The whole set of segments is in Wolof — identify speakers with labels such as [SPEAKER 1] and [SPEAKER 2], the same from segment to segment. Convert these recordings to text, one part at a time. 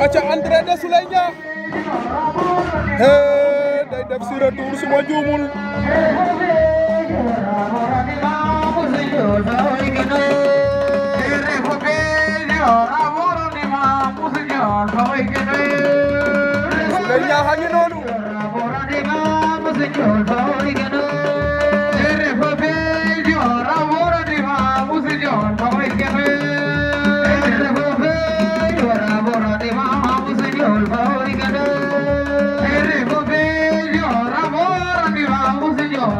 [SPEAKER 1] aca entraîné Souleynia he day def si retour suma juumul Souleynia xa ngi noonu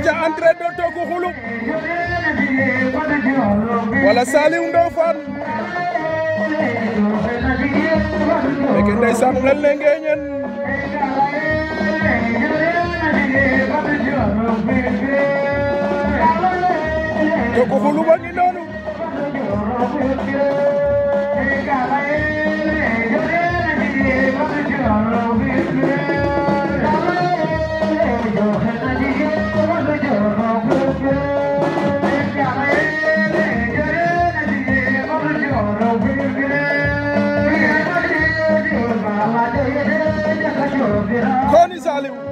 [SPEAKER 1] aca entrée de Toogu Xulu wala Saliou Ndao Fane meke ndeysaan um lel ne ngeeñen Toogu Xulu ngi noonu Alléluia.